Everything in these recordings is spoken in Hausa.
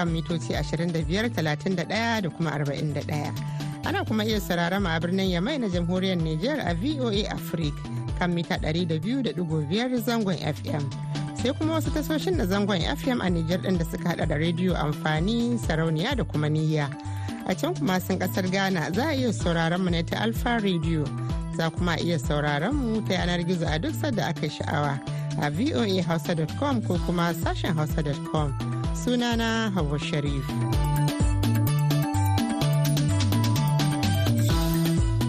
kan mitoci 25, 31 da kuma 41. ana kuma iya sararama a birnin yamai na jamhuriyar Nijar a VOA Africa kan mita 200.5 zangon FM. Sai kuma wasu tasoshin na zangon FM a Nijar ɗin da suka hada da rediyo amfani, sarauniya da kuma niyya. A can kuma sun kasar Ghana za a iya sauraron mu ne ta Alfa Radio. Za kuma iya sauraron mu ta yanar gizo a duk sadda aka sha'awa a voahausa.com ko kuma sashen hausa.com. sunana Hauwa Sharif.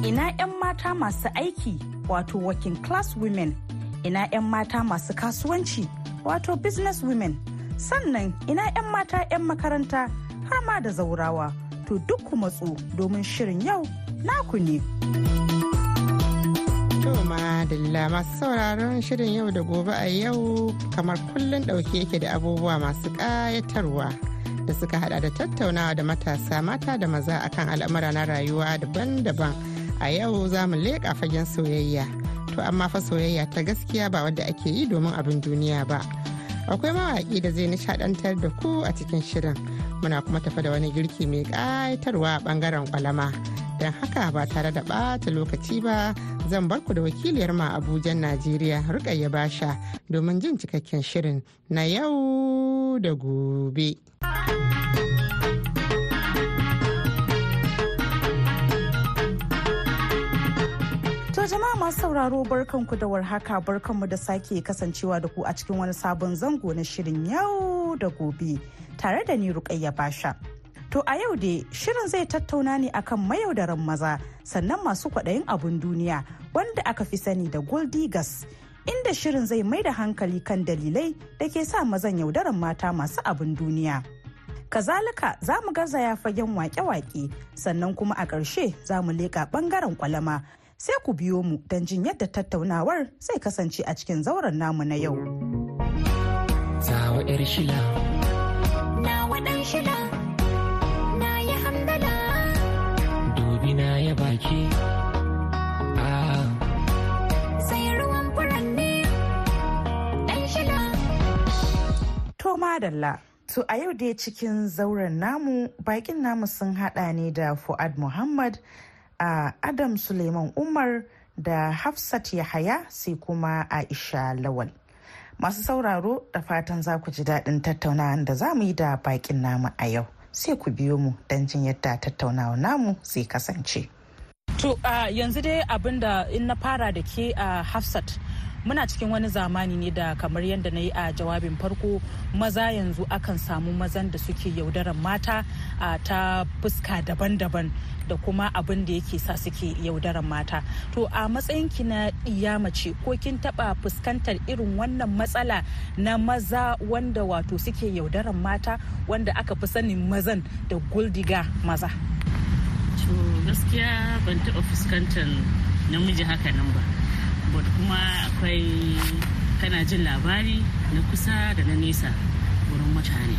Ina 'yan mata masu aiki wato working class women, ina 'yan mata masu kasuwanci wato business women, sannan ina 'yan mata 'yan makaranta har ma da zaurawa to duk ku matsu domin shirin yau naku ne. To madalla masu sauraron shirin yau da gobe a yau kamar kullum ɗauke yake da abubuwa masu ƙayatarwa da suka hada da tattaunawa da matasa mata da maza akan al'amura na rayuwa daban-daban a yau za mu leƙa fagen soyayya to amma fa soyayya ta gaskiya ba wadda ake yi domin abin duniya ba akwai mawaƙi da zai nishadantar da ku a cikin shirin muna kuma tafa da wani girki mai ƙayatarwa a ɓangaren kwalama don haka ba tare da ɓata lokaci ba zan bar ku da wakiliyar ma abujan najeriya rukayya basha domin jin cikakken shirin na yau da gobe To jama'a masu sauraro barkanku da warhaka barkanmu da sake kasancewa da ku a cikin wani sabon zango na shirin yau da gobe tare da ni rukayya basha. To a yau dai shirin zai tattauna ne akan mayaudaran maza sannan masu kwaɗayin abun duniya wanda aka fi sani da gold diggers inda shirin zai mai da hankali kan dalilai da ke sa mazan yaudaran mata masu abun duniya. Kazalika za mu garzaya fagen wake-wake sannan kuma a ƙarshe za mu leƙa ɓangaren kwalama sai ku biyo mu don jin yadda tattaunawar zai kasance a cikin zauren namu na yau. Zawo 'yar shila. Na waɗan shila. shi Toma Dalla To a yau dai cikin zauren namu bakin namu sun hada ne da Fuad Muhammad, a Adam Suleiman Umar da Hafsat Yahaya sai kuma Aisha Lawal. Masu sauraro da fatan za ku ji daɗin tattaunawa da za mu yi da bakin namu a yau. Sai ku biyo mu don jin yadda tattaunawa namu zai kasance. To yanzu dai abin da in na fara da ke a Hafsat muna cikin wani zamani ne da kamar yadda na yi a jawabin farko maza yanzu akan samu mazan da suke yaudaran mata ta fuska daban-daban da kuma abin da yake sa suke yaudaran mata to a matsayinki na iya mace ko kin taɓa fuskantar irin wannan matsala na maza wanda wato suke yaudaran mata wanda aka fi sanin mazan da guldiga maza to gaskiya ban taɓa fuskantar namiji haka nan ba but kuma akwai kana jin labari na kusa da na nesa wurin mutane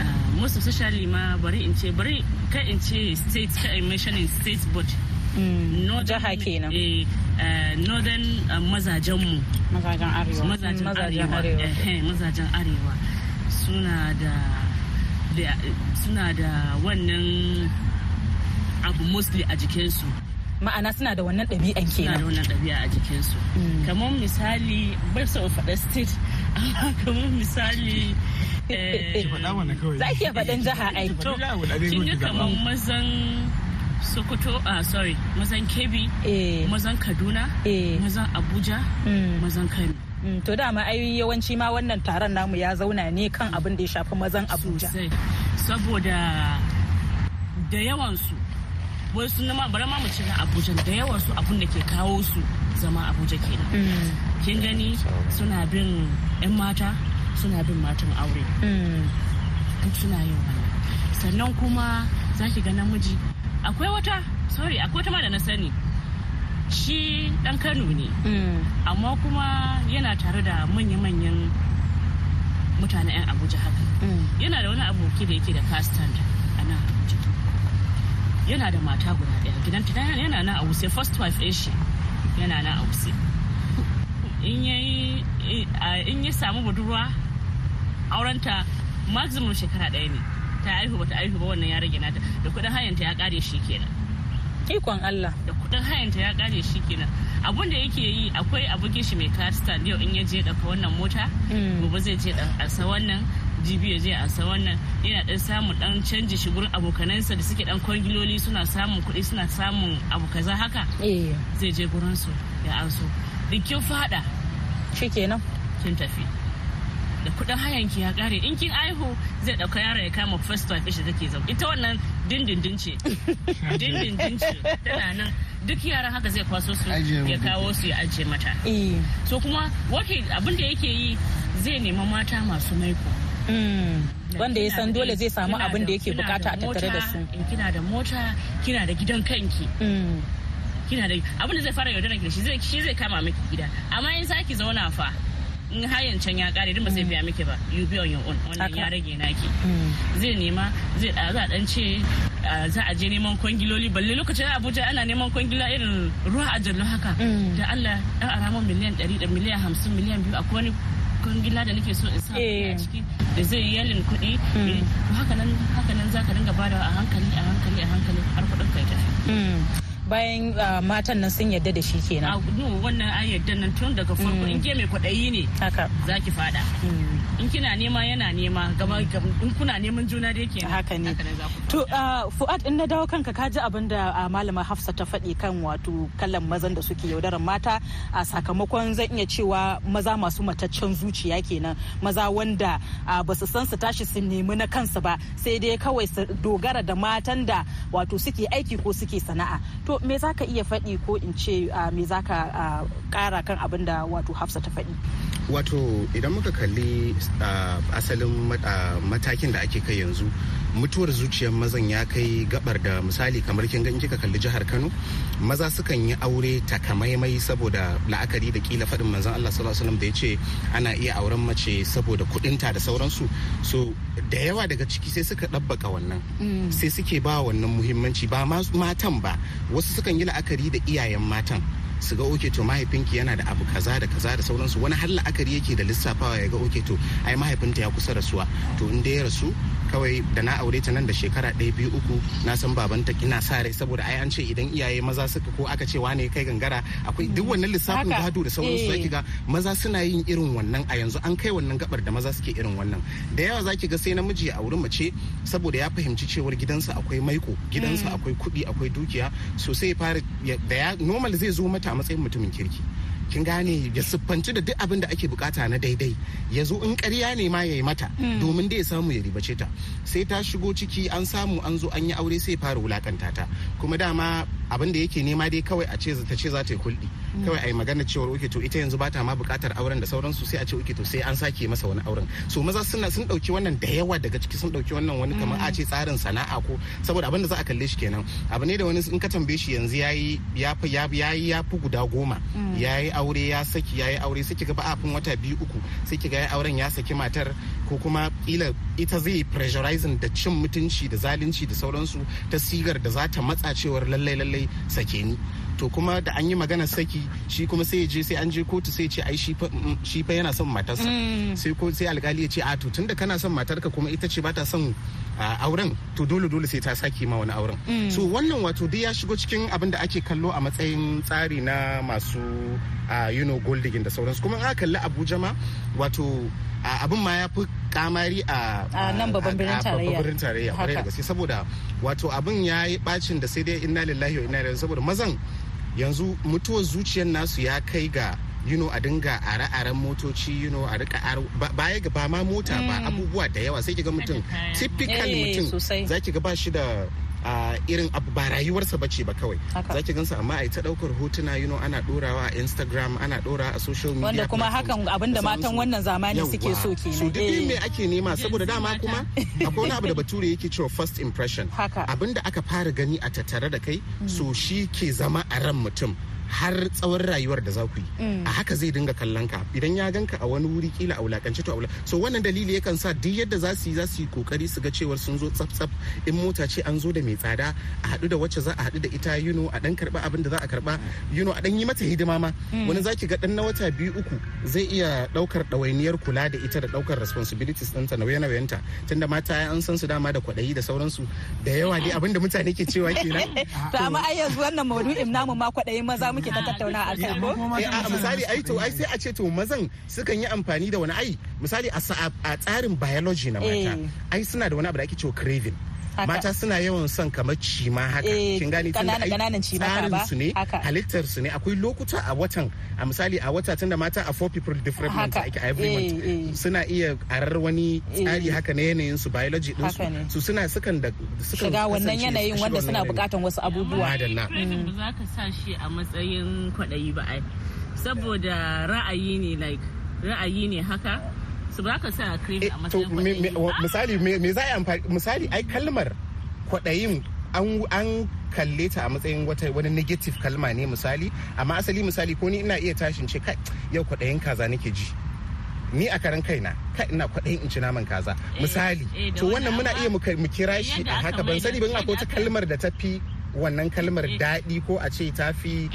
ah, most especially ma bari in ce bari ka in ce state ka in in state but mm, kenan eh, ah, northern ah, mazajenmu mazajen arewa mazajen mm, arewa suna da suna da wannan abu mostly a jikinsu ma'ana suna da wannan ɗabi'an kenan suna da wannan ɗabi'a a jikinsu mm. kamar misali bai sau faɗa state amma kamar misali eh, za ki faɗin jiha ai to kin ji kamar mazan sokoto ah sorry mazan kebbi eh. mazan kaduna eh. mazan abuja mm. mazan kano mm, to dama ai yawanci ma wannan taron namu ya zauna ne kan abin da ya shafi mazan abuja saboda da yawansu wai sun nama bari ma mu na abuja da yawa su abun da ke kawo su zama abuja kenan mm. kin gani suna bin yan mata suna bin matan aure mm. duk suna yin wannan sannan kuma za ki ga namiji akwai wata sorry akwai wata ma da na sani shi dan kano ne mm. amma kuma yana tare da manya-manyan mutane 'yan abuja haka yana da wani aboki da yake da kastan a nan yana da mata guda ɗaya gidanta yana na a wuse first wife ɗin shi yana na a wuse eh, in ya samu budurwa aurenta maximum shekara ɗaya ne ta aihu ba ta aihu ba wannan ya rage nata da kudin hayanta ya kare shi kenan ikon Allah da kudin hayanta ya kare shi kenan abun da yake yi akwai abokin shi mai car stand yau in ya je daga wannan mota hmm. gobe zai je dan alsa wannan jibi ya je a sa wannan yana dan samun dan canji shi gurin abokanansa da suke dan kwangiloli suna samun kuɗi suna samun abu kaza haka eh. zai je gurin su ya anso. da kin fada kenan kin tafi da kuɗin hayan ki ya kare in kin aihu zai dauka yaro ya kama first wife shi take zama ita wannan dindindin ce dindindin ce tana nan duk yaran haka zai kwaso su ya kawo su ya ajiye mata eh. so kuma abin da yake yi zai nema mata masu maiko wanda ya san dole zai samu abin da yake bukata a tattare da su eh, kina da mota kina da gidan kanki mm. kina da abin da zai fara yaudara ki shi zai shi zai kama miki gida amma in saki zauna fa in hayan can ya kare din ba zai mm. biya miki ba you be on your own wannan ya rage naki mm. zai nema zai za dan ce za a je neman kwangiloli balle lokacin abuja ana neman kwangila irin ruwa a jallo haka da allah dan arama miliyan 100 da miliyan 50 miliyan 2 akwai wani kwangila da nake so in sa a eh. ciki da zai yalin kuɗi hmm. eh, Hakanan zaka dinga bada a hankali a hankali a hankali har kuɗin kai tafi hmm. bayan ah, matan nan sun yadda da shi kenan a wannan an yadda nan tun daga farko mm. in ke mai kwaɗayi ne za ki fada mm. in kina nema yana nema gama in kuna neman juna dai kenan haka ne to ah, fuad in na dawo kanka ka ji abin da ah, malama hafsa ta faɗi kan wato kallon mazan da suke yaudarar mata a sakamakon zan iya cewa maza masu mataccen zuciya kenan maza wanda ba su san su tashi su nemi na kansu ba sai dai kawai su dogara da matan da wato suke aiki ko suke sana'a to me za ka iya faɗi ko in ce me za ka ƙara kan abin da wato hafsa ta faɗi wato idan muka kalli asalin matakin da ake kai yanzu mutuwar zuciyar mazan ya kai gabar da misali kamar kin in kika kalli jihar Kano maza sukan yi aure takamaimai saboda la'akari da kila faɗin manzon Allah sallallahu alaihi wasallam da yace ana iya auren mace saboda kuɗinta da sauransu so da yawa daga ciki sai suka dabbaka wannan mm. sai suke ba wannan muhimmanci ba matan ba wasu sukan yi la'akari da iyayen matan su ga oke to mahaifinki yana da abu kaza da kaza da sauransu wani har la'akari yake da lissafawa ya ga oke to ai mahaifinta ya kusa rasuwa to in dai ya rasu kawai da na aure ta nan da shekara ɗaya biyu uku na san babanta ina sa rai saboda ai an ce idan iyaye maza suka ko aka ce wane kai gangara akwai duk wannan lissafin gado da sauransu su ga eh. maza suna yin irin wannan a yanzu an kai wannan gabar da maza suke irin wannan da yawa zaki ga sai namiji ya auri mace saboda ya fahimci cewar gidansa akwai maiko gidansa mm. akwai kuɗi akwai dukiya sosai fara da ya normal zai zo mata a matsayin mutumin kirki kin gane ya siffanci da duk abin da ake bukata na daidai ya zo in karya ne ma ya yi mata hmm. domin dai samu ya ribace ta sai ta shigo ciki an samu an zo an yi aure sai fara wulakanta ta kuma dama abin da yake nema dai kawai a ce ta ce za ta yi kulɗi mm. kawai a yi magana cewar uke to ita yanzu bata ma bukatar auren da sauransu sai a ce uke to sai an sake masa wani auren so maza suna sun ɗauki wannan da yawa daga ciki sun ɗauki wannan wani kamar mm. a ce tsarin sana'a ko saboda abin da za a kalle shi kenan abu ne da wani in ka tambaye shi yanzu yayi ya fi ya yayi ya fi guda goma mm. yayi aure ya saki yayi aure sai kiga ba a fin wata biyu uku sai kiga yayi auren ya saki matar ko kuma kila ita zai pressurizing da cin mutunci da zalunci da sauransu ta sigar da za ta matsa cewar lallai lallai sai sake ni to kuma da an yi magana saki shi kuma sai je sai an je kotu sai ce ai mm, shi fa yana son matarsa mm. sai ko sai alkali ya ce a ah, to tunda kana son matarka kuma ita ce bata son auren to dole dole sai ta saki ma wani auren mm. so wannan wato dai ya shigo cikin abin da ake kallo a matsayin tsari na masu you know gold digging da sauransu kuma in aka kalli Abuja ma wato abin ma ya fi kamari a nan babban tarayya kwarai da gaske saboda wato abin ya yi bacin da sai dai inna lillahi wa inna ilaihi saboda mazan yanzu mutuwar zuciyar nasu ya kai ga you know a dinga are-aren motoci you know a rika baya ga ba ma mota ba hmm. abubuwa da yawa sai ga mutum eh, typical mutum za ki ga ba shi da a irin abu ba rayuwarsa bace ba kawai za ki gansu amma a ta daukar hotuna yino ana dorawa a Instagram ana dorawa a social media wanda kuma hakan abinda matan wannan zamani suke so kenan so duk me eh. ake nema saboda dama kuma akwai wani abu da bature yake cewa first impression abinda aka fara gani a tattare da kai hmm. so shi ke zama a ran mutum har tsawon rayuwar da za ku yi mm. a haka zai dinga kallon ka idan ya ganka a wani wuri kila a wulakance to a so wannan dalili yakan sa duk yadda za su yi za su yi kokari su ga cewar sun zo tsaf tsaf in mota ce an zo da mai tsada a haɗu da wacce za a haɗu da ita yuno a dan karba abin da za a karba yuno a dan yi mata hidima ma mm. wani za ki ga dan na wata biyu uku zai iya daukar ɗawainiyar kula da ita da daukar responsibilities ɗinta nauye-nauyenta tunda mata an san su dama da kwaɗayi da sauransu da yawa dai abin da mutane ke cewa kenan to amma ai yanzu wannan maudu'in namu ma kwaɗayi maza muke ta ah, tattauna a kai ko a eh, ah, misali ai to ai sai a ce to mazan sukan yi amfani da wani ai misali a tsarin biology na mata eh. ai suna da wani abu da ake cewa craving mata suna yawan son kamar cima haka eh, kin gani tun da tsarin su ne halittar su ne akwai lokuta a watan a misali a wata tunda mata a four people different months ake every eh, month eh. suna iya arar wani tsari haka na yanayin su biology din su su suna sukan da sukan shiga wannan yanayin wanda suna bukatan wasu abubuwa ba za ka sa shi a matsayin kwadayi ba ai saboda ra'ayi ne like ra'ayi ne haka su ba ka sa cream eh, a matsayin misali me za a amfani misali ai kalmar kwaɗayin an kalle ta a matsayin wata wani negative kalma ne misali amma asali misali ko ni ina iya tashin ce kai yau kwaɗayin kaza nake ji ni a karan kaina kai ina kwaɗayin in ci naman kaza eh, misali eh, to wannan muna iya mu kira shi a haka ban sani ban akwai wata kalmar da ta fi wannan kalmar daɗi ko a ce ta fi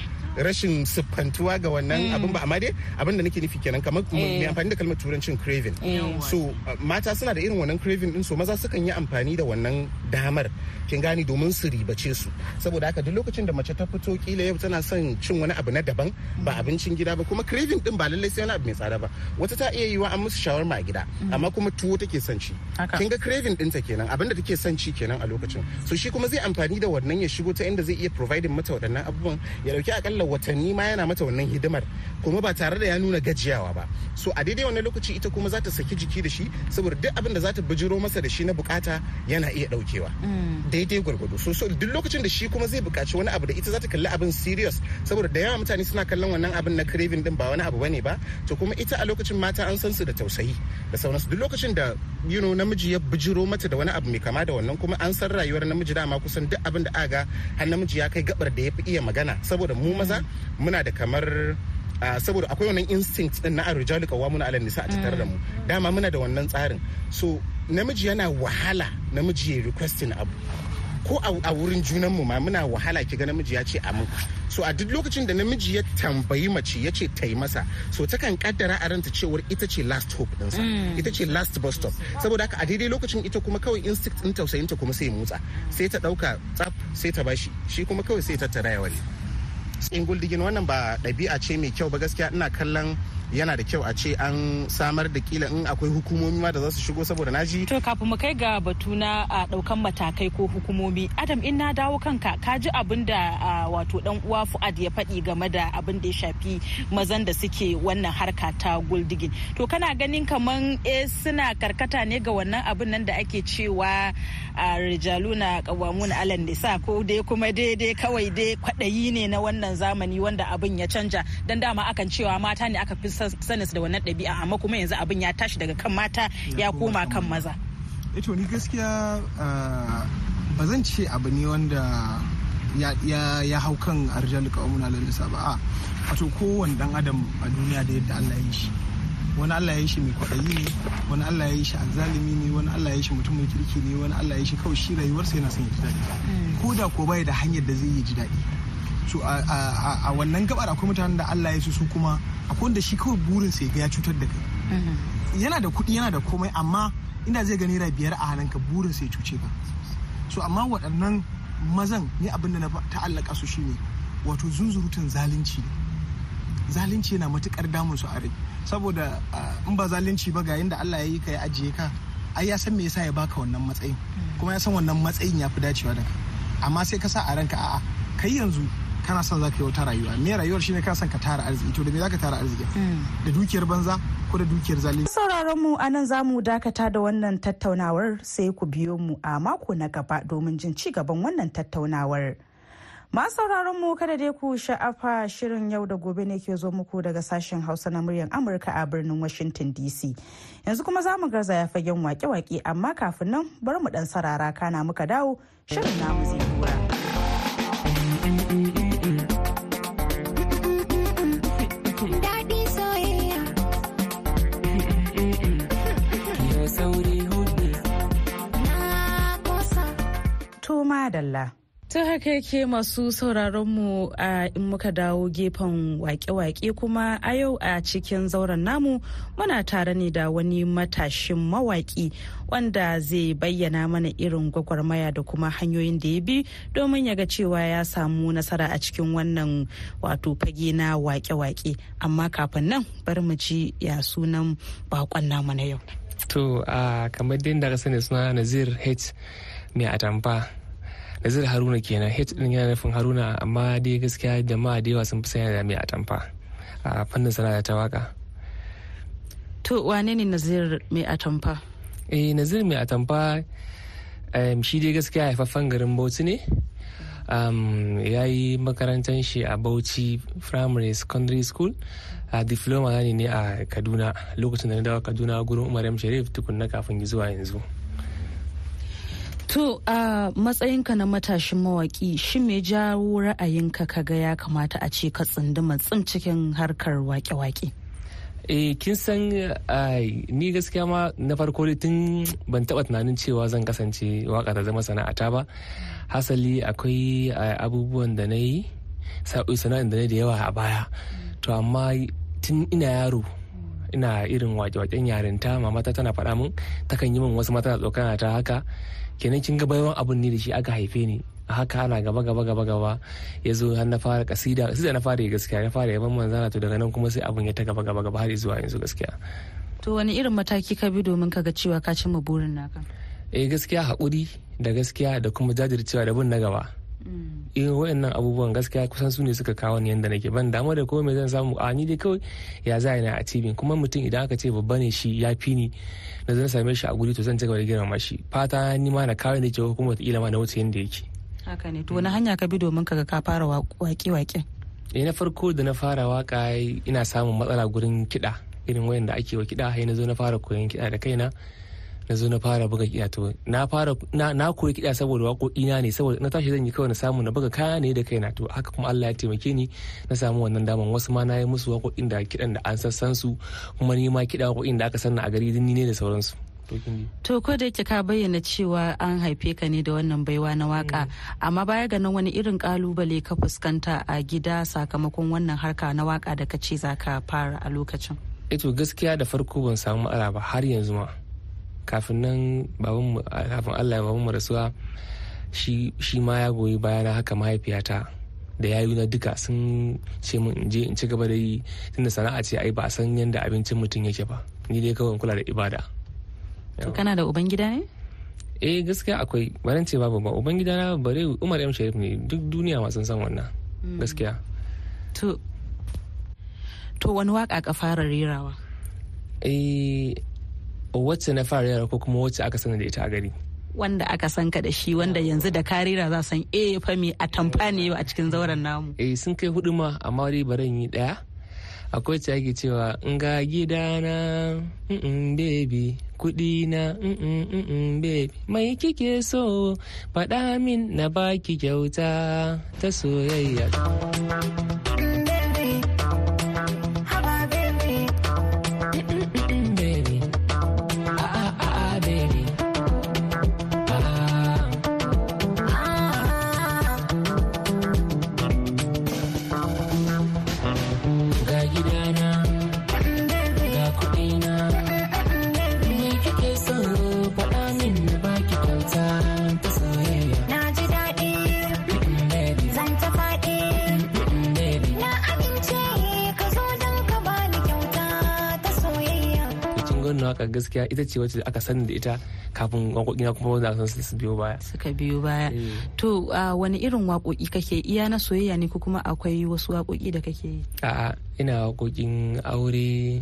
rashin siffantuwa ga wannan mm. abin ba amma dai abin da nake nufi kenan kamar eh. mai amfani da kalmar turancin craving so uh, mata suna da irin wannan craving din so maza sukan yi amfani da wannan damar kin gani domin su ribace su saboda haka duk lokacin da mace ta fito kila yau tana son cin wani abu na daban ba mm. abincin gida ba kuma craving din ba lallai sai wani abu mai tsada ba wata ta iya yiwa an musu shawarma a gida mm. amma kuma tuwo take son ci kin ga craving dinta kenan abinda take son ci kenan a lokacin so shi kuma zai amfani da wannan ya shigo ta inda zai iya providing mata waɗannan abubuwan ya dauki akalla watanni ma yana mata wannan hidimar kuma ba tare da ya nuna gajiyawa ba so a daidai wannan lokaci ita kuma za ta saki jiki da shi saboda duk abin da za ta bijiro masa da shi na bukata yana iya daukewa mm. daidai gwargwado so duk lokacin da shi kuma zai bukaci wani abu da ita za ta kalli abin serious saboda da yawa mutane suna kallon wannan abin na craving din ba wani abu bane ba to kuma ita a lokacin mata an san su da tausayi da sauransu duk lokacin da you know namiji ya bijiro mata da wani abu mai kama da wannan kuma an san rayuwar namiji dama kusan duk abin da aka ga har namiji ya kai gabar da ya fi iya magana saboda mu maza muna da kamar ah, saboda akwai wannan instinct din na arjalu muna 'ala nisa a tattare da mu mm. dama muna da wannan tsarin so namiji yana wahala namiji ya requesting abu ko a wurin junan mu ma muna wahala kiga namiji ya ce amu so a duk lokacin da namiji ya tambayi mace ya ce ta yi masa so takan kaddara a ranta cewar ita ce last hope sa mm. ita ce last bus stop saboda haka a daidai lokacin ita kuma kawai instinct tausayin tausayinta kuma sai motsa sai ta ɗauka tsaf sai ta bashi shi kuma kawai sai ta tara ya wani tsingul digin wannan ba ɗabi'a ce mai kyau ba gaskiya ina kallon yana da kyau a ce an samar da kila in akwai hukumomi ma da za su shigo saboda naji to kafin mu kai ga batu na daukan matakai ko hukumomi adam in na dawo kanka ka ji abin da wato dan uwa fuad ya faɗi game da abin da ya shafi mazan da suke wannan harka ta guldigin to kana ganin kaman e suna karkata ne ga wannan abin nan da ake cewa rijaluna kawamun alan nisa ko dai kuma daidai kawai dai kwaɗayi ne na wannan zamani wanda abin ya canja dan dama akan cewa mata ne aka fi sanin su da wannan ɗabi'a amma kuma yanzu abin ya tashi daga kan mata ya koma kan maza ito eh ni gaskiya ah, ba zan ce abu ne wanda ya hau kan arjali ka'umuna lalisa ba a wato kowane dan adam a duniya da yadda allah ya shi wani allah ya shi mai kwaɗayi ne wani allah ya shi azalimi ne wani allah ya shi mutumin kirki ne wani allah ya shi kawai shi rayuwarsa yana son ya ji daɗi mm. ko da ko bai da hanyar da zai yi ji daɗi so a wannan gabar akwai mutanen da Allah ya su kuma akwai wanda shi kawai burin sai ga ya cutar da kai mm-hmm. yana da kuɗi yana da komai amma inda zai gani naira biyar a hannun ka burin sai cuce ka so amma waɗannan mazan ni abin da na ta'allaka su shine wato zunzurutun zalunci ne zalunci yana matukar damun su a rai saboda in ba zalunci ba ga da Allah ya yi ka ya ajiye ka ai ya san me yasa ya baka wannan matsayin mm. kuma ya san wannan matsayin ya fi dacewa da ka amma sai ka sa a ranka a'a kai yanzu kana son za ka yi wata rayuwa me rayuwar shine ka san ka tara arziki to da me za ka tara arziki hmm. da dukiyar banza ko da dukiyar zalunci sauraron mu anan za mu dakata da wannan tattaunawar sai ku biyo mu a mako na gaba domin jin ci gaban wannan tattaunawar masu sauraron mu kada dai ku sha'afa shirin yau da gobe ne ke zo muku daga sashen hausa na muryar amurka a birnin washington dc yanzu kuma za mu garza ya fagen wake-wake amma kafin nan bari mu dan sarara kana muka dawo shirin namu zai kura. dalla. ta haka yake masu sauraronmu a in muka dawo gefen wake-wake kuma a yau a cikin zauren namu muna tare ne da wani matashin mawaƙi wanda zai bayyana mana irin gwagwarmaya da kuma hanyoyin da ya bi domin ya ga cewa ya samu nasara a cikin wannan wato fage na wake-wake amma kafin nan bar mu ji ya sunan bakon namu na yau to kamar din da suna nazir h mai atamfa yazid haruna kenan h din yana nufin haruna amma dai gaskiya jama'a da yawa sun fi sanya da mai atamfa a fannin sana'a ta waka to wane ne nazir mai atamfa eh nazir mai atamfa shi dai gaskiya haifaffen garin bauchi ne ya yi makarantar shi a bauchi primary secondary school a diploma ne a kaduna lokacin da na dawo kaduna gurin umar sharif tukunna kafin zuwa yanzu To a matsayinka na matashin mawaki shi mai jawo ra'ayinka ka ga ya kamata a ce ka tsunduma tsim cikin harkar wake-wake? eh kin san ni gaskiya ma na farko tun ban taɓa tunanin cewa zan kasance waka ta zama sana'ata ba hasali akwai abubuwan da na yi sana'in da na da yawa a baya to amma tun ina yaro ina irin wake-waken yarinta mamata tana faɗa min takan yi min wasu mata na tsokana ta haka kenan kin ga bayan abun ne da shi aka haife ni a haka ana gaba gaba gaba gaba ya zo har na fara kasida da na fara yi gaskiya na fara yaban manzana to daga nan kuma sai abun ya ta gaba gaba gaba har zuwa yanzu gaskiya to wani irin mataki ka bi domin ka ga cewa ka cimma burin naka eh gaskiya hakuri da gaskiya da kuma jajircewa da bin na gaba mm. irin wayannan abubuwan gaskiya kusan su ne suka kawo ni yanda nake ban damu da mai zan samu a ni dai kawai ya za na a cibin kuma mutum idan aka ce babba ne shi ya fi ni na zan same shi a guri to zan ci gaba da girmama shi fata ni ma na kawo ne ke kuma wataƙila ma na wuce yanda yake. haka ne to wani hanya ka bi domin kaga ka fara waƙe waƙe. eh na farko da na fara waƙa ina samun matsala gurin kiɗa irin wayanda ake wa kiɗa hai na zo na fara koyon kiɗa da kaina na zo na fara buga kiɗa to na fara na koyi kiɗa saboda waƙoƙi na ne saboda na tashi zan yi kawai na samu na buga kaya ne da kaina to haka kuma Allah ya taimake ni na samu wannan daman wasu ma na yi musu waƙoƙin da kiɗan da an sassan su kuma ni ma kiɗa waƙoƙin da aka sanna a gari ni ne da sauransu. To ko da yake ka bayyana cewa an haife ka ne da wannan baiwa na waka mm. amma baya ga nan wani irin kalubale ka fuskanta a gida sakamakon wannan harka na waka da ka ce za ka fara a lokacin. Eto eh gaskiya da farko ban samu alaba ba har yanzu ma. kafin nan babanmu kafin allah babanmu rasuwa shi ma ya goyi baya na haka mahaifiyata da yayu na duka sun ce mun in je in ci gaba da yi tunda sana'a ce ai ba a san yadda abincin mutum yake ba ni dai kawai kula da ibada to kana da uban gida ne eh gaskiya akwai barin ce babu ba uban gida na bare Umar M Sharif ne duk duniya ma sun san wannan hmm. gaskiya to to wani waka ka fara rerawa eh wacce na fara yara ko kuma wacce aka sani da ita a gari wanda aka san ka da shi wanda yanzu da karira za san e fa me a tamfa ne a cikin zauren namu eh sun kai hudu ma amma dai baran yi daya akwai ta yake cewa in ga gidana mm baby kudi na mm baby mai kike so faɗa min na baki kyauta ta soyayya waka gaskiya ita ce wacce aka sani da ita kafin waƙoƙi na kuma wanda san su biyo baya suka biyo baya eh. to wani irin waƙoƙi kake iya na soyayya ne ko kuma akwai wasu waƙoƙi da kake yi a'a ina waƙoƙin aure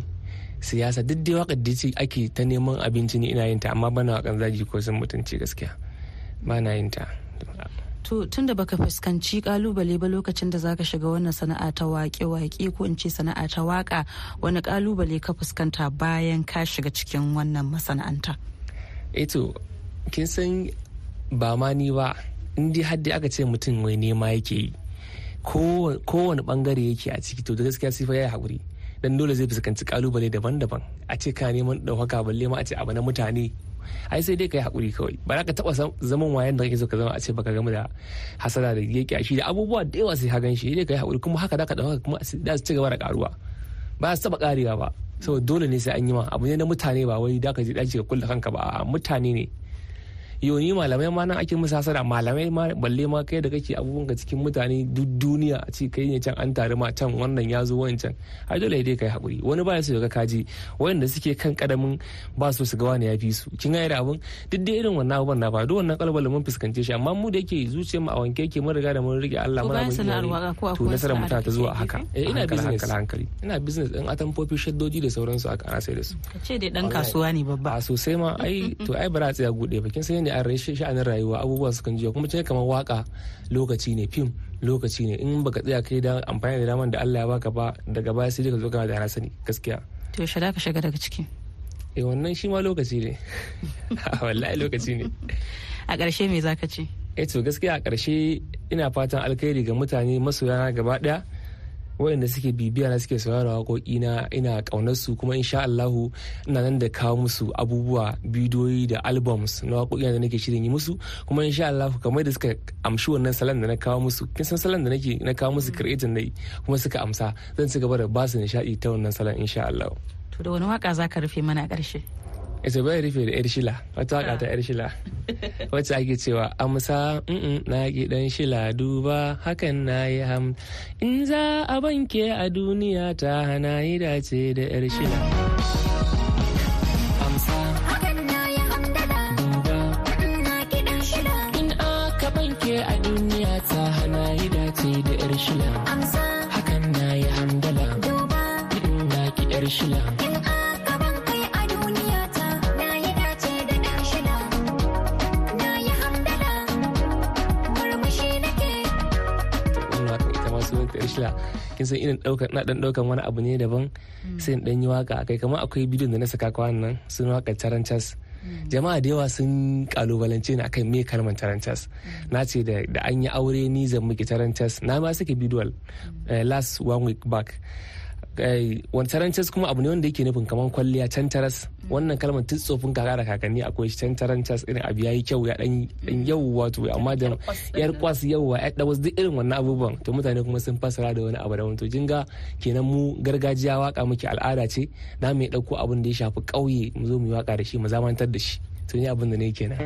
siyasa duk dai waƙar da ce ake ta neman abinci ne ina yin ta amma bana waƙan zagi ko sun mutunci gaskiya bana yin ta to tun da baka fuskanci kalubale ba lokacin da zaka shiga wannan sana'a ta waƙe-waƙe ko in ce sana'a ta waƙa wani kalubale ka fuskanta bayan ka shiga cikin wannan masana'anta eto eh kin san ba ma ni ba in dai haddi aka ce mutum wai nema yake yi kowane bangare yake a ciki to da gaskiya sifa ya yi haƙuri dan dole zai fuskanci kalubale daban-daban a ce ka neman ɗaukaka balle ma a ce abu na mutane ai sai dai ka yi haƙuri kawai ba za ka taɓa zaman wayan da kake so ka zama a ce baka gama da hasara da a shi da abubuwa da yawa sai ka gan shi dai ka yi haƙuri kuma haka da ka ɗauka kuma da su ci gaba da karuwa ba su taɓa ƙarewa ba saboda dole ne sai an yi ma abu ne na mutane ba wai da ka je ɗaki ka kulle kanka ba mutane ne yoni malamai ma nan ake musu hasara malamai ma balle ma kai da kake abubuwan ka cikin mutane duk duniya a ce kai ne can an tare ma can wannan ya zo wancan ai dole dai kai hakuri wani ba su ga kaji wanda suke kan kadamin ba su su ga wani ya fi su kin ga da abun duk dai irin wannan abubuwan na faru wannan kalbalin mun fuskance shi amma mu da yake zuciyar mu a wanke yake mun riga da mun rike Allah muna mun to nasarar mutane ta zuwa haka eh, ina business hankali ina business din atamfofi shaddoji da sauransu aka ana sai da su ce dai dan kasuwa ne babba sosai ma ai to ai ba za a tsaya gude ba kin sai ne a sha'anin rayuwa abubuwa sukan jiya kuma ce kamar waka lokaci ne fim lokaci ne in baka tsaya kai da amfani da daman da Allah ya baka ba daga baya sai ka zo kana da sani gaskiya to yaushe ka shiga daga ciki eh wannan shi ma lokaci ne wallahi lokaci ne a ƙarshe me zaka ce eh to gaskiya a ƙarshe ina fatan alkhairi ga mutane masoyana gaba daya waɗanda suke bibiya na suke saurara waƙoƙi na ina ƙaunar su kuma insha Allahu ina nan da kawo musu abubuwa bidiyoyi da albums na waƙoƙi da nake shirin yi musu kuma insha Allahu kamar da suka amshi wannan salon da na kawo musu kin san salon da nake na kawo musu mm. creating dai kuma suka amsa zan ci gaba da ba su nishaɗi ta wannan salon insha Allahu to da wani waka zaka rufe mana karshe. ita bai rufe da yar shila wata waka ta yar shila ah. wacce ake cewa amsa na gidan dan shila duba hakan na yi ham in za a banke a duniya ta hana yi dace da yar shila. kila kin san irin daukar na dan daukan wani abu ne daban mm. sai in dan yi waka kai kamar akwai bidiyon da na saka kwanan nan sun waka tarantas mm. jama'a da yawa sun kalubalance ni akan me kalmar tarantas mm. na ce da an yi aure ni zan miki tarantas na ma suke bidiyon eh, last one week back Eh, wancarances kuma abu ne wanda yake nufin kamar kwalliya cantaras wannan kalmar tutsofin tsofin kaka da kakanni akwai shi cas irin abu yayi kyau ya dan yau wato amma da yar kwas yauwa ya wasu duk irin wannan abubuwan to mutane kuma sun fasara da wani abu da wani to jinga kenan mu gargajiya waka muke al'ada ce na mai dauko abin da ya shafi kauye mu zo mu yi waka da shi mu zamantar da shi to ni abin da ne kenan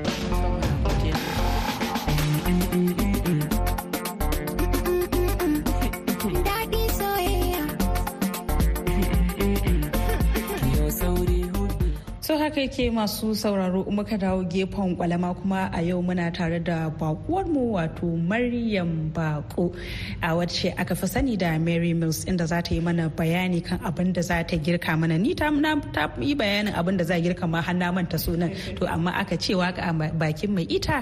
haka masu sauraro muka dawo gefen kwalama kuma a yau muna tare da mu wato maryam bako a wacce aka fi sani da mary mills inda za ta yi mana bayani kan abin da za ta girka mana ni ta yi bayanin abin da za a girka ma manta sunan to amma aka ce waka a bakin mai ita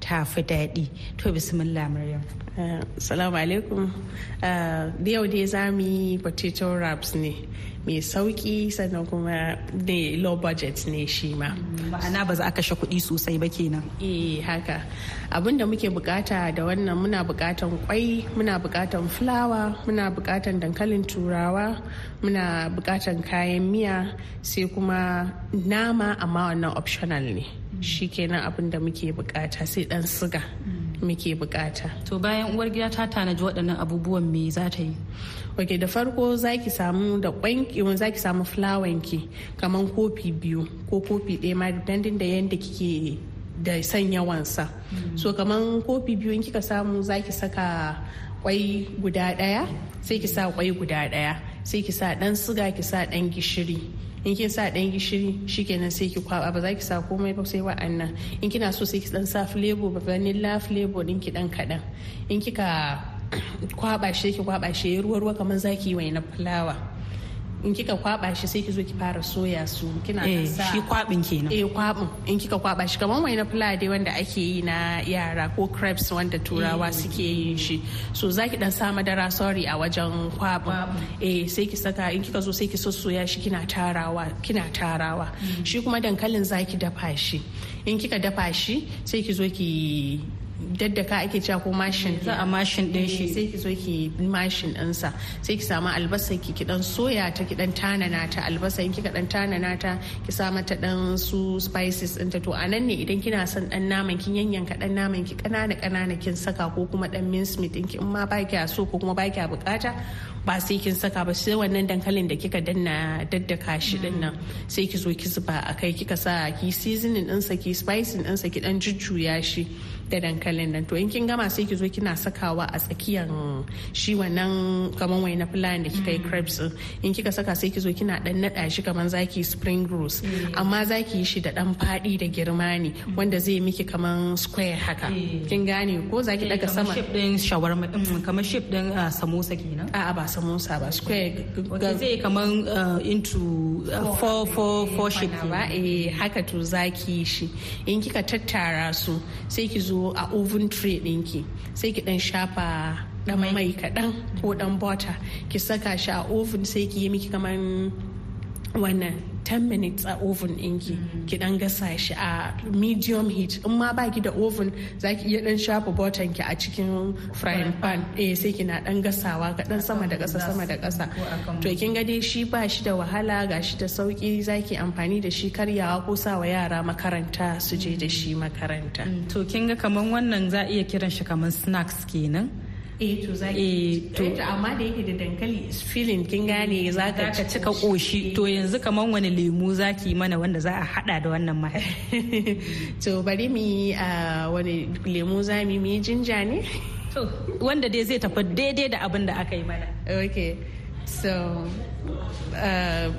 ta fi daɗi to bismillah maryam eh, salamu alaikum eh, da yau dai za mu yi potato wraps ne mai sauki sannan kuma ne low budget ne shi ma ma'ana ba za a kashe kuɗi sosai ba kenan eh haka abin da muke bukata da wannan muna bukatan kwai muna bukatan fulawa muna bukatan dankalin turawa muna bukatan kayan miya sai kuma nama amma wannan optional ne shi kenan abin da muke bukata sai dan siga muke bukata. To bayan uwar gida ta tanaji waɗannan abubuwan me za ta yi? Ok da farko za ki samu da kwanki za ki samu ki kamar kofi biyu ko kofi ɗaya ma dandin da yadda kike da son yawansa. Hmm. So kamar kofi biyu in kika samu za ki saka ƙwai guda ɗaya sai ki sa ƙwai guda ɗaya sai ki sa ɗan siga ki sa ɗan gishiri. in kin sa ɗan gishiri shikenan sai ki kwaba ba za ki sa komai ba sai wa'annan in kina so sai ki dan sa flavor ba vanilla flavor din ki dan kaɗan in kika kwaba shi ki kwaba shi ruwa ruwa kamar zaki waina fulawa in kika kwaba shi sai ki zo ki fara soya su kina eh, sa shi kwabin kenan eh kwabin in kika kwaba shi kamar wani fula dai wanda ake yi na yara ko crepes wanda turawa eh. suke yin shi so zaki dan sa madara sorry a wajen kwabin eh sai ki saka in kika zo sai ki soya shi kina tarawa kina tarawa mm. shi kuma dankalin zaki dafa shi in kika dafa shi sai ki zo ki daddaka ake cewa ko mashin za a mashin din shi eh, sai ki zo ki mashin ɗinsa sai ki samu albasa ki ki soya ta ki dan tanana ta albasa in kika dan tanana ta ki sa mata dan su spices din ta to anan ne idan kina son dan naman kin yanyanka dan naman ki kanana kanana kin saka ko kuma ɗan mince meat din ki in ma ba kya so ko kuma ba kya bukata ba sai kin saka ba sai wannan dankalin da kika danna daddaka shi din nan sai ki zo ki zuba akai kika sa ki seasoning ɗinsa ki spicing ɗinsa ki dan jujjuya shi da dankalin nan to in kin gama sai ki zo kina sakawa a tsakiyan shi wannan kaman wai na fulani da kika yi mm. crepes in kika saka sai ki zo kina dan nada shi kaman zaki spring rolls mm. amma zaki yi shi da dan fadi da girma ne wanda zai miki kaman square haka mm. kin gane ko zaki daga eh, sama shape din shawarma kamar shape din ah, samosa kenan a'a ba samosa ba square zai kaman ah, into ah, four four four eh, shape ba eh haka to zaki shi in kika tattara su sai ki zo zo a oven tray ɗinki sai ki ɗan shafa ɗan mai kaɗan ko ɗan butter ki saka shi a oven sai ki yi miki kaman wannan 10 minutes a oven inki ki dan gasa shi a medium heat in ma ba ki da oven za ki iya dan shafa button ki a cikin frying pan eh sai kina dan gasawa ga dan sama da ƙasa sama da ƙasa to kin ga dai shi ba shi da wahala ga shi da sauki za ki amfani da shi karyawa ko sawa yara makaranta su je da shi makaranta mm, to kin ga kaman wannan za iya kiran shi kaman snacks kenan E to za ki eh, eh, to amma da yake da dankali is kin gane za ka cika koshi to yanzu kamar wani lemu za ki mana wanda za a hada da wannan mai to bari mu ah, wani lemu za mu yi jinja ne to wanda dai zai tafi daidai da abin da aka yi mana okay so uh,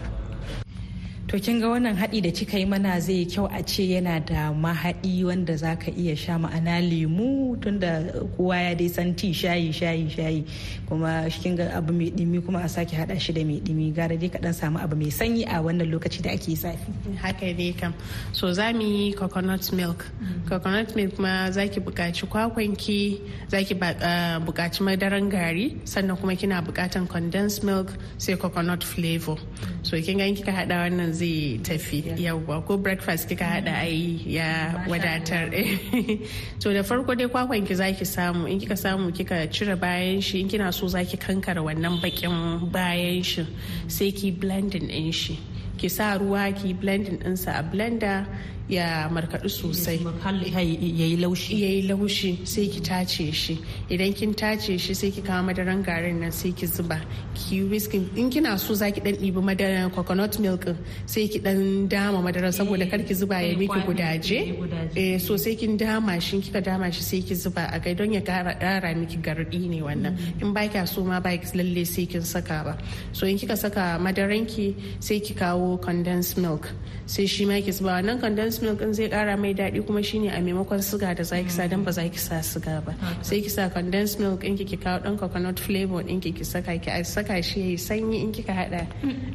to kin ga wannan haɗi da kika yi mana zai kyau a ce yana da mahaɗi wanda za ka iya sha ma'ana lemu tunda kowa ya dai san ti shayi shayi shayi kuma kin ga abu mai ɗimi kuma a sake haɗa shi da mai ɗimi gara dai ka dan samu abu mai sanyi a wannan lokaci da ake zafi haka dai kam so za mu yi coconut milk coconut milk kuma za ki buƙaci kwakwan ki, za ki ah, buƙaci madaran gari sannan kuma kina buƙatan condensed milk sai coconut flavor so kin ga kika haɗa wannan zai tafi yawwa ko breakfast kika hada ai ya wadatar to da farko dai kwakwan ki zaki samu in kika samu kika cire bayan shi in kina so zaki kankara wannan bakin bayan shi sai ki blending din shi ki sa ruwa ki blending sa a blender ya markaɗu sosai ya yi laushi ya yi laushi sai ki tace shi idan kin tace shi sai ki kawo madaran garin nan sai ki zuba ki whisky in kina so za ki dan ɗibi madaran coconut milk sai ki dan dama madaran saboda kar ki zuba ya eh, miki gudaje eh so sai kin dama shi kika dama shi sai ki zuba a kai don ya kara miki garɗi ne wannan mm. in ba ki so ma ba ki lalle sai kin saka ba so in kika saka madaran ki sai ki kawo condensed milk sai shi ma ki zuba wannan condensed condensed milk din zai kara mai daɗi kuma shine a maimakon siga da ki sa don ba ki sa siga ba sai ki sa condensed milk din ki kawo ɗan coconut flavor din ki saka ki a saka shi yayi sanyi in kika haɗa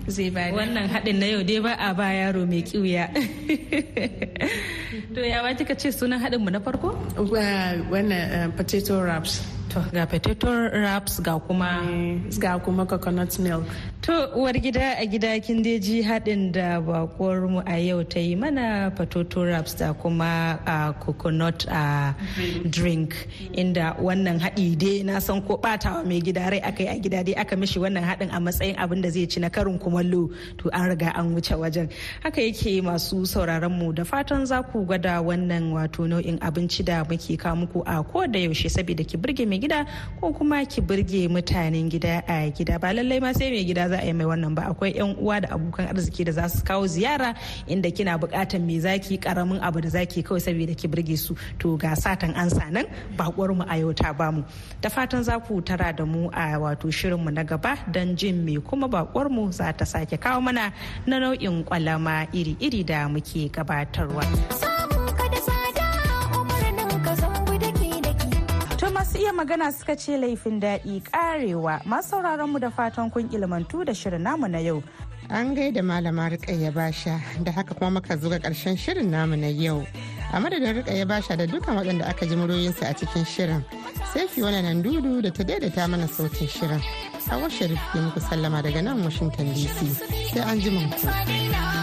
zai ba wannan haɗin na yau dai ba a ba yaro mai kiwuya to ya kika ce sunan haɗinmu mu na farko wannan eh, potato wraps To ga potato wraps ga kuma eh, ga kuma coconut milk. To uwar gida a gida kin ji haɗin da bakuwar mu a yau ta yi mana potato wraps da kuma uh, coconut uh, drink inda wannan haɗi dai na san ko batawa mai gida rai aka yi a gida dai aka mishi wannan haɗin a matsayin abin da zai ci na karin kumallo to an riga an wuce wajen haka yake masu sauraron mu da fatan za ku gwada wannan wato nau'in abinci da muke kawo muku a ko da yaushe saboda ki burge mai gida ko kuma ki burge mutanen gida a gida ba lallai ma sai mai gida za a yi mai wannan ba akwai yan uwa da abokan arziki da za su kawo ziyara inda kina bukatar me zaki karamin abu da zaki kawai saboda ki burge su to ga satan an sanan bakwar mu a yau ta bamu da fatan za ku tara da mu a wato shirin mu na gaba dan jin me kuma bakwar mu za ta sake kawo mana na nau'in kwalama iri-iri da muke gabatarwa. masu iya magana suka ce laifin daɗi ƙarewa masu sauraron mu da fatan kun ilmantu da shirin namu na yau an gaida malama rikayya basha da haka kuma muka zo ga ƙarshen shirin namu na yau a madadin rikayya basha da dukkan waɗanda aka ji muryoyinsu a cikin shirin sai fi wani nan dudu da ta daidaita mana sautin shirin a washe ya muku sallama daga nan washington dc sai an ji ku.